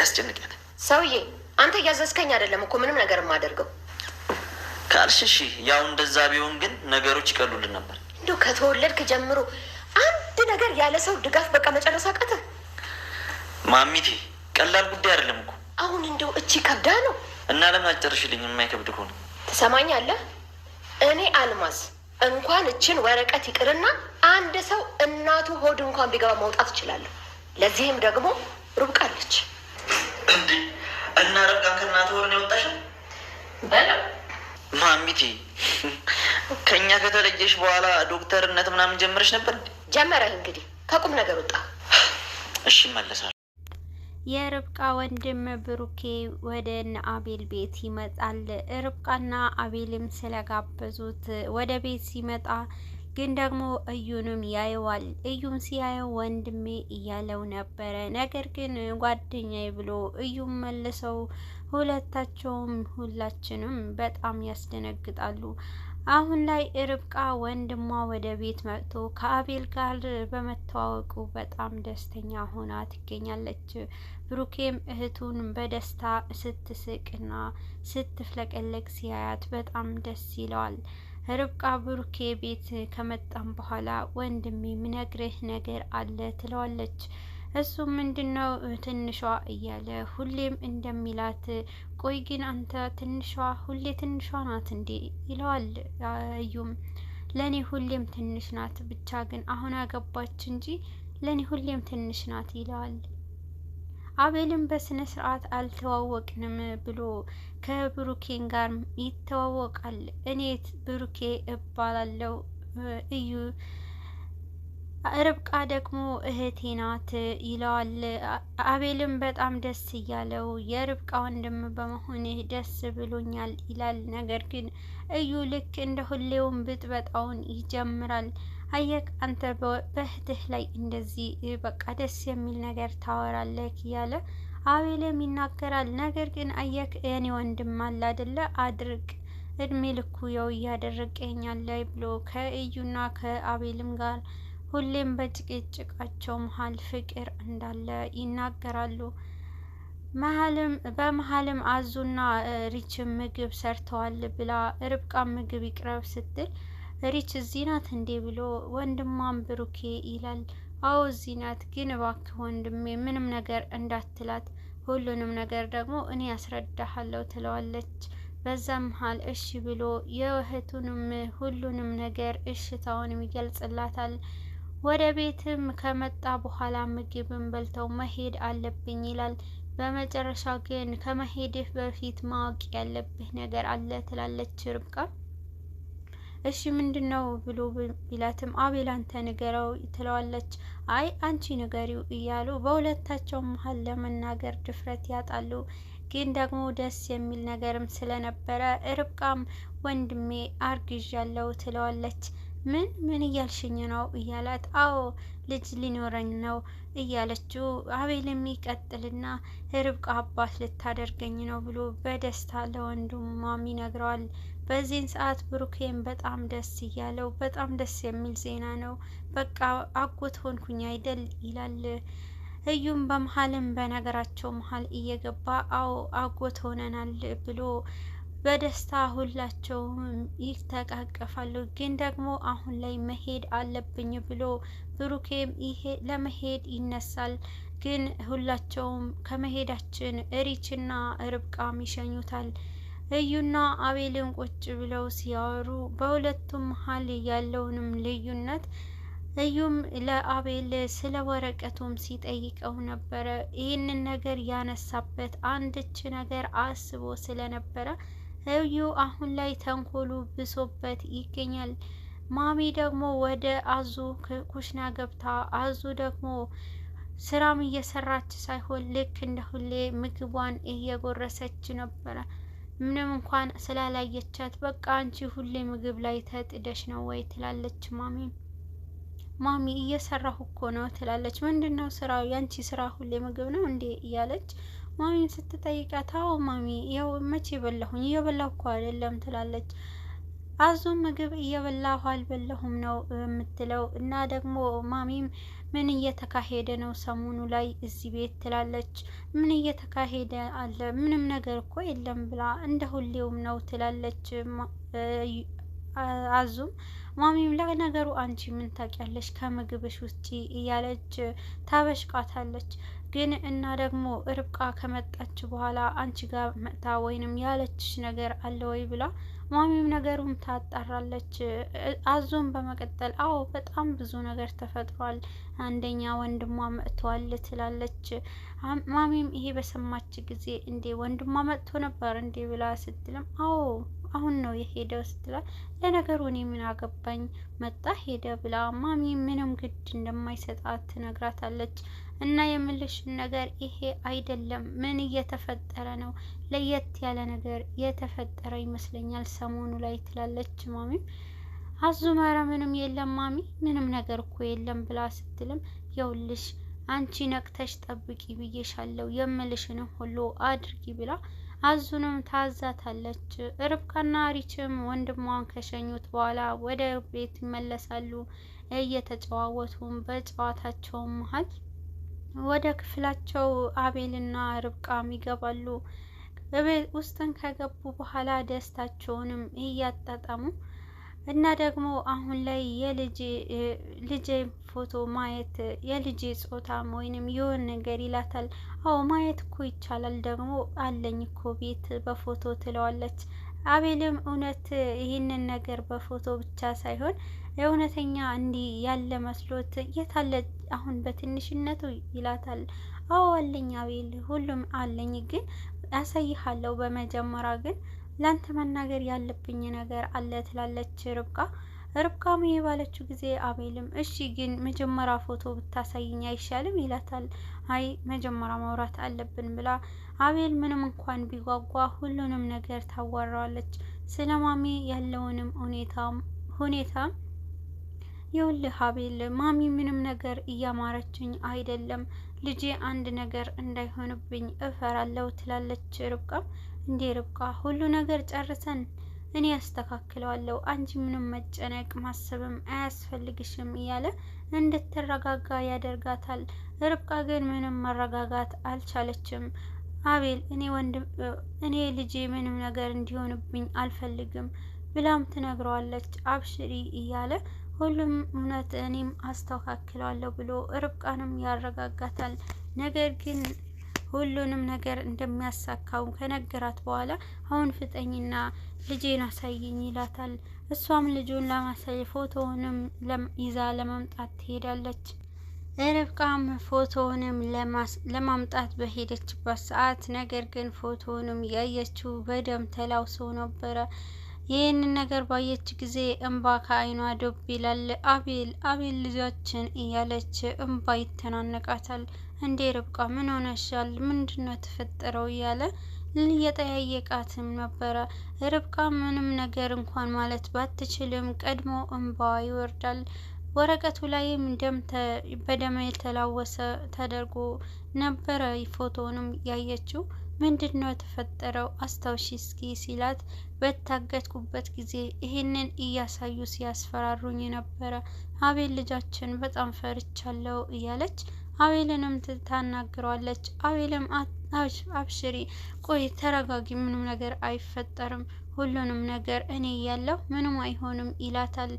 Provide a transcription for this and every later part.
ያስጨንቅያት። ሰውዬ አንተ እያዘዝከኝ አይደለም እኮ ምንም ነገር የማደርገው ካልሽ እሺ። ያው እንደዛ ቢሆን ግን ነገሮች ይቀሉልን ነበር። እንዲሁ ከተወለድክ ጀምሮ አንድ ነገር ያለ ሰው ድጋፍ በቃ መጨረስ አቃተህ። ማሚቴ ቀላል ጉዳይ አይደለም እኮ አሁን እንደው እቺ ከብዳ ነው እና ለምን አጨርሽልኝ? የማይከብድ ከሆነ ትሰማኛለህ። እኔ አልማዝ እንኳን እችን ወረቀት ይቅርና አንድ ሰው እናቱ ሆድ እንኳን ቢገባ መውጣት እችላለሁ። ለዚህም ደግሞ ሩብቃለች። እንዴ እና ረብቃን ከእናትህ ወር ነው በለው ማሚቴ ከእኛ ከተለየሽ በኋላ ዶክተርነት ምናምን ጀምረሽ ነበር? ጀመረህ እንግዲህ ከቁም ነገር ወጣ። እሺ ይመለሳል። የርብቃ ወንድም ብሩኬ ወደ እነ አቤል ቤት ይመጣል። ርብቃና አቤልም ስለጋበዙት ወደ ቤት ሲመጣ ግን ደግሞ እዩንም ያየዋል። እዩም ሲያየው ወንድሜ እያለው ነበረ። ነገር ግን ጓደኛዬ ብሎ እዩም መልሰው፣ ሁለታቸውም ሁላችንም በጣም ያስደነግጣሉ። አሁን ላይ ርብቃ ወንድሟ ወደ ቤት መጥቶ ከአቤል ጋር በመተዋወቁ በጣም ደስተኛ ሆና ትገኛለች። ብሩኬም እህቱን በደስታ ስትስቅና ስትፍለቀለቅ ሲያያት በጣም ደስ ይለዋል። ርብቃ ብሩኬ ቤት ከመጣም በኋላ ወንድሜ ምነግርህ ነገር አለ ትለዋለች። እሱ ምንድነው ትንሿ እያለ ሁሌም እንደሚላት ቆይ ግን አንተ ትንሿ ሁሌ ትንሿ ናት እንዴ ይለዋል። እዩም ለእኔ ሁሌም ትንሽ ናት፣ ብቻ ግን አሁን አገባች እንጂ ለእኔ ሁሌም ትንሽ ናት ይለዋል። አቤልም በስነ ስርዓት አልተዋወቅንም ብሎ ከብሩኬን ጋር ይተዋወቃል። እኔት ብሩኬ እባላለሁ እዩ ርብቃ ደግሞ እህቴ ናት ይለዋል። አቤልም በጣም ደስ እያለው የርብቃ ወንድም በመሆን ደስ ብሎኛል ይላል። ነገር ግን እዩ ልክ እንደ ሁሌውም ብጥበጣውን ይጀምራል። አየክ አንተ በእህትህ ላይ እንደዚህ በቃ ደስ የሚል ነገር ታወራለህ እያለ አቤልም ይናገራል። ነገር ግን አየክ እኔ ወንድም አለ አደለ አድርግ እድሜ ልኩ የው እያደረገ ይኛለ ብሎ ከእዩና ከአቤልም ጋር ሁሌም በጭቅጭቃቸው መሀል ፍቅር እንዳለ ይናገራሉ። መሀልም በመሀልም አዙና ሪችም ምግብ ሰርተዋል ብላ ርብቃ ምግብ ይቅረብ ስትል ሪች እዚህ ናት እንዴ ብሎ ወንድሟን ብሩኬ ይላል። አዎ እዚህ ናት፣ ግን እባክህ ወንድሜ ምንም ነገር እንዳትላት፣ ሁሉንም ነገር ደግሞ እኔ ያስረዳሃለሁ ትለዋለች። በዛ መሀል እሺ ብሎ የእህቱንም ሁሉንም ነገር እሽታውንም ይገልጽላታል። ወደ ቤትም ከመጣ በኋላ ምግብን በልተው መሄድ አለብኝ ይላል። በመጨረሻ ግን ከመሄድህ በፊት ማወቅ ያለብህ ነገር አለ ትላለች ርብቃ። እሺ ምንድን ነው ብሎ ቢላትም አቤል አንተ ንገረው ትለዋለች። አይ አንቺ ንገሪው እያሉ በሁለታቸው መሀል ለመናገር ድፍረት ያጣሉ። ግን ደግሞ ደስ የሚል ነገርም ስለነበረ ርብቃም ወንድሜ አርግዣለሁ ትለዋለች። ምን ምን እያልሽኝ ነው እያላት፣ አዎ ልጅ ሊኖረኝ ነው እያለችው፣ አቤል የሚቀጥልና ርብቃ አባት ልታደርገኝ ነው ብሎ በደስታ ለወንድሟም ይነግረዋል። በዚህን ሰዓት ብሩኬን በጣም ደስ እያለው በጣም ደስ የሚል ዜና ነው። በቃ አጎት ሆንኩኝ አይደል ይላል። እዩም በመሀልም በነገራቸው መሀል እየገባ አዎ አጎት ሆነናል ብሎ በደስታ ሁላቸውም ይተቃቀፋሉ። ግን ደግሞ አሁን ላይ መሄድ አለብኝ ብሎ ብሩኬም ይሄ ለመሄድ ይነሳል። ግን ሁላቸውም ከመሄዳችን እሪችና ርብቃም ይሸኙታል። እዩና አቤልን ቁጭ ብለው ሲያወሩ በሁለቱም መሀል ያለውንም ልዩነት እዩም ለአቤል ስለ ወረቀቱም ሲጠይቀው ነበረ። ይህንን ነገር ያነሳበት አንድች ነገር አስቦ ስለነበረ እዩ አሁን ላይ ተንኮሉ ብሶበት ይገኛል። ማሚ ደግሞ ወደ አዙ ኩሽና ገብታ አዙ ደግሞ ስራም እየሰራች ሳይሆን ልክ እንደ ሁሌ ምግቧን እየጎረሰች ነበረ። ምንም እንኳን ስላላየቻት በቃ አንቺ ሁሌ ምግብ ላይ ተጥደሽ ነው ወይ ትላለች ማሚ። ማሚ እየሰራሁ እኮ ነው ትላለች። ምንድን ነው ስራ ያንቺ ስራ ሁሌ ምግብ ነው እንዴ እያለች ማሚን ስትጠይቃት፣ አዎ ማሚ ያው መቼ በላሁኝ እየበላሁ እኮ አይደለም ትላለች። አዙ ምግብ እየበላሁ አልበላሁም ነው የምትለው። እና ደግሞ ማሚም ምን እየተካሄደ ነው ሰሞኑ ላይ እዚህ ቤት ትላለች። ምን እየተካሄደ አለ? ምንም ነገር እኮ የለም ብላ እንደ ሁሌውም ነው ትላለች። አዙም ማሚም ለነገሩ አንቺ ምን ታውቂያለሽ ከምግብሽ ውጪ እያለች ታበሽቃታለች። ግን እና ደግሞ ርብቃ ከመጣች በኋላ አንቺ ጋር መጥታ ወይንም ያለችሽ ነገር አለ ወይ ብላ ማሚም ነገሩን ታጣራለች። አዞን በመቀጠል አዎ በጣም ብዙ ነገር ተፈጥሯል፣ አንደኛ ወንድሟ መጥቷል ትላለች። ማሚም ይሄ በሰማች ጊዜ እንዴ ወንድሟ መጥቶ ነበር እንዴ ብላ ስትልም አዎ አሁን ነው የሄደው ስትላል፣ ለነገሩ እኔ ምን አገባኝ መጣ ሄደ ብላ ማሚ ምንም ግድ እንደማይሰጣት ትነግራታለች። እና የምልሽን ነገር ይሄ አይደለም፣ ምን እየተፈጠረ ነው? ለየት ያለ ነገር የተፈጠረ ይመስለኛል ሰሞኑ ላይ ትላለች ማሚ። አዙመረ ምንም የለም ማሚ፣ ምንም ነገር እኮ የለም ብላ ስትልም የውልሽ አንቺ ነቅተሽ ጠብቂ ብዬሻለሁ የምልሽንም ሁሉ አድርጊ ብላ አዙንም ታዛታለች። ርብቃና ሪችም ወንድሟን ከሸኙት በኋላ ወደ ቤት ይመለሳሉ። እየተጨዋወቱም በጨዋታቸው መሀል ወደ ክፍላቸው አቤልና ርብቃም ይገባሉ። ውስጥን ከገቡ በኋላ ደስታቸውንም እያጣጣሙ እና ደግሞ አሁን ላይ የልጅ ፎቶ ማየት የልጅ ጾታም ወይንም የሆን ነገር ይላታል። አዎ ማየት እኮ ይቻላል፣ ደግሞ አለኝ እኮ ቤት በፎቶ ትለዋለች። አቤልም እውነት ይህንን ነገር በፎቶ ብቻ ሳይሆን እውነተኛ እንዲህ ያለ መስሎት የታለ አሁን በትንሽነቱ ይላታል። አዎ አለኝ አቤል፣ ሁሉም አለኝ፣ ግን አሳይሃለሁ በመጀመሪያ ግን ላንተ መናገር ያለብኝ ነገር አለ ትላለች ርብቃ። ርብቃም ባለችው ጊዜ አቤልም እሺ ግን መጀመሪያ ፎቶ ብታሳይኝ አይሻልም ይላታል። አይ መጀመሪያ ማውራት አለብን ብላ አቤል ምንም እንኳን ቢጓጓ ሁሉንም ነገር ታዋራዋለች። ስለ ማሚ ያለውንም ሁኔታም ሁኔታም የውልህ አቤል ማሚ ምንም ነገር እያማረችኝ አይደለም ልጄ አንድ ነገር እንዳይሆንብኝ እፈራለሁ ትላለች ርብቃም እንዴ ርብቃ፣ ሁሉ ነገር ጨርሰን እኔ ያስተካክለዋለሁ፣ አንቺ ምንም መጨነቅ ማሰብም አያስፈልግሽም እያለ እንድትረጋጋ ያደርጋታል። ርብቃ ግን ምንም መረጋጋት አልቻለችም። አቤል፣ እኔ ወንድም እኔ ልጄ ምንም ነገር እንዲሆንብኝ አልፈልግም ብላም ትነግረዋለች። አብሽሪ እያለ ሁሉም እውነት እኔም አስተካክለዋለሁ ብሎ ርብቃንም ያረጋጋታል። ነገር ግን ሁሉንም ነገር እንደሚያሳካው ከነገራት በኋላ አሁን ፍጠኝና ልጄን አሳየኝ ይላታል። እሷም ልጁን ለማሳየ ፎቶውንም ይዛ ለመምጣት ትሄዳለች። ርብቃም ፎቶውንም ለማምጣት በሄደችበት ሰዓት ነገር ግን ፎቶውንም ያየችው በደም ተላውሰው ነበረ። ይህንን ነገር ባየች ጊዜ እንባ ከአይኗ ዶብ ይላል። አቤል አቤል ልጃችን እያለች እንባ ይተናነቃታል። እንዴ ርብቃ ምን ሆነሻል? ምንድን ተፈጠረው? እያለ እየጠያየቃትም ነበረ። ርብቃ ምንም ነገር እንኳን ማለት ባትችልም ቀድሞ እንባዋ ይወርዳል። ወረቀቱ ላይም በደም የተላወሰ ተደርጎ ነበረ ፎቶንም ያየችው። ምንድን ነው የተፈጠረው አስታውሺ እስኪ ሲላት በታገትኩበት ጊዜ ይህንን እያሳዩ ሲያስፈራሩኝ ነበረ። አቤል ልጃችን በጣም ፈርቻለሁ እያለች አቤልንም ታናግረዋለች። አቤልም አብሽሪ፣ ቆይ ተረጋጊ፣ ምንም ነገር አይፈጠርም፣ ሁሉንም ነገር እኔ እያለሁ ምንም አይሆንም ይላታል።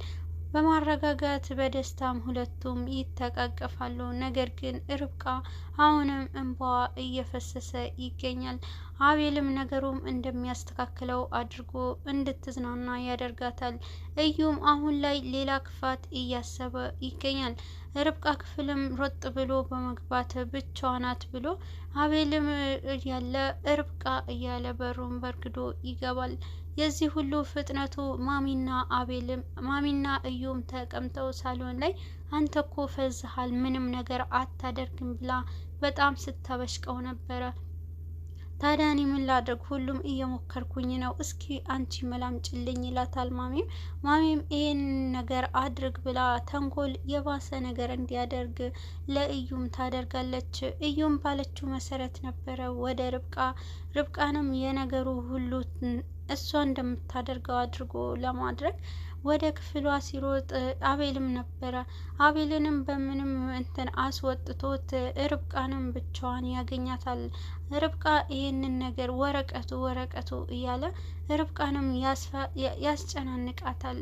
በማረጋጋት በደስታም ሁለቱም ይተቃቀፋሉ። ነገር ግን ርብቃ አሁንም እንባዋ እየፈሰሰ ይገኛል። አቤልም ነገሩም እንደሚያስተካክለው አድርጎ እንድትዝናና ያደርጋታል። እዩም አሁን ላይ ሌላ ክፋት እያሰበ ይገኛል። ርብቃ ክፍልም ሮጥ ብሎ በመግባት ብቻዋ ናት ብሎ አቤልም ያለ ርብቃ እያለ በሩን በርግዶ ይገባል። የዚህ ሁሉ ፍጥነቱ ማሚና አቤልም ማሚና እዩም ተቀምጠው ሳሎን ላይ አንተ እኮ ፈዝሃል፣ ምንም ነገር አታደርግም ብላ በጣም ስታበሽቀው ነበረ። ታዲያ እኔ ምን ላድርግ? ሁሉም እየሞከርኩኝ ነው፣ እስኪ አንቺ መላምጭልኝ ይላታል። ማሚም ማሚም ይሄን ነገር አድርግ ብላ ተንኮል የባሰ ነገር እንዲያደርግ ለእዩም ታደርጋለች። እዩም ባለችው መሰረት ነበረ ወደ ርብቃ ርብቃንም የነገሩ ሁሉ እሷ እንደምታደርገው አድርጎ ለማድረግ ወደ ክፍሏ ሲሮጥ አቤልም ነበረ። አቤልንም በምንም እንትን አስወጥቶት ርብቃንም ብቻዋን ያገኛታል። ርብቃ ይህንን ነገር ወረቀቱ ወረቀቱ እያለ ርብቃንም ያስጨናንቃታል።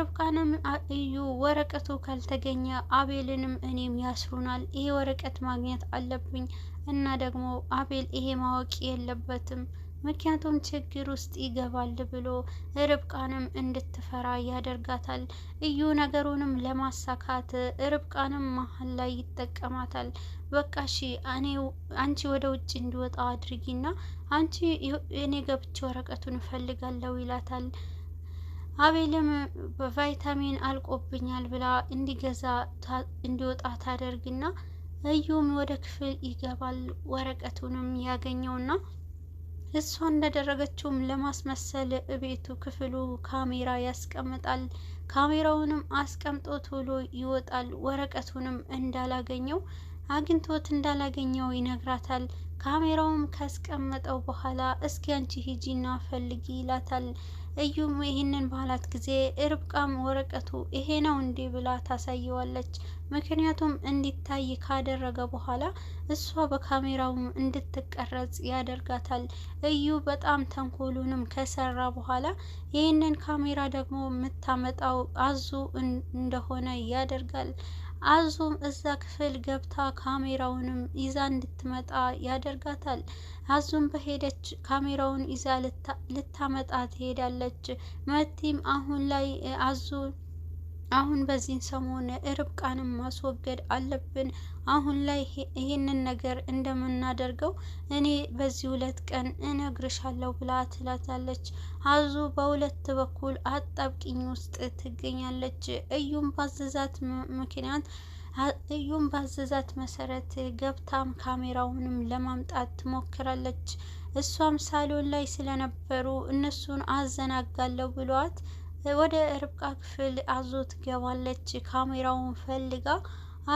ርብቃንም እዩ ወረቀቱ ካልተገኘ አቤልንም እኔም ያስሩናል፣ ይሄ ወረቀት ማግኘት አለብኝ እና ደግሞ አቤል ይሄ ማወቅ የለበትም ምክንያቱም ችግር ውስጥ ይገባል ብሎ ርብቃንም እንድትፈራ ያደርጋታል። እዩ ነገሩንም ለማሳካት ርብቃንም መሀል ላይ ይጠቀማታል። በቃ እሺ አንቺ ወደ ውጭ እንዲወጣ አድርጊና አንቺ እኔ ገብቼ ወረቀቱን እፈልጋለሁ ይላታል። አቤልም በቫይታሚን አልቆብኛል ብላ እንዲገዛ እንዲወጣ ታደርግና እዩም ወደ ክፍል ይገባል። ወረቀቱንም ያገኘውና እሷ እንዳደረገችውም ለማስመሰል እቤቱ ክፍሉ ካሜራ ያስቀምጣል። ካሜራውንም አስቀምጦ ቶሎ ይወጣል። ወረቀቱንም እንዳላገኘው አግኝቶት እንዳላገኘው ይነግራታል። ካሜራውም ካስቀመጠው በኋላ እስኪ አንቺ ሂጂና ፈልጊ ይላታል። እዩም ይህንን ባላት ጊዜ እርብቃም ወረቀቱ ይሄ ነው እንዲ ብላ ታሳየዋለች። ምክንያቱም እንዲታይ ካደረገ በኋላ እሷ በካሜራውም እንድትቀረጽ ያደርጋታል። እዩ በጣም ተንኮሉንም ከሰራ በኋላ ይህንን ካሜራ ደግሞ የምታመጣው አዙ እንደሆነ ያደርጋል። አዙም እዛ ክፍል ገብታ ካሜራውንም ይዛ እንድትመጣ ያደርጋታል። አዙም በሄደች ካሜራውን ይዛ ልታመጣ ትሄዳለች። መቲም አሁን ላይ አዙ አሁን በዚህ ሰሞን ርብቃንም ማስወገድ አለብን። አሁን ላይ ይህንን ነገር እንደምናደርገው እኔ በዚህ ሁለት ቀን እነግርሻለሁ ብላ ትላታለች። አዙ በሁለት በኩል አጣብቂኝ ውስጥ ትገኛለች። እዩም ባዘዛት ምክንያት እዩም ባዘዛት መሰረት ገብታም ካሜራውንም ለማምጣት ትሞክራለች። እሷም ሳሎን ላይ ስለነበሩ እነሱን አዘናጋለሁ ብሏት ወደ ርብቃ ክፍል አዞ ትገባለች። ካሜራውን ፈልጋ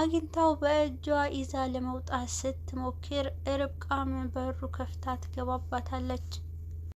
አግኝታው በእጇ ይዛ ለመውጣት ስትሞክር ርብቃም በሩ ከፍታ ትገባባታለች።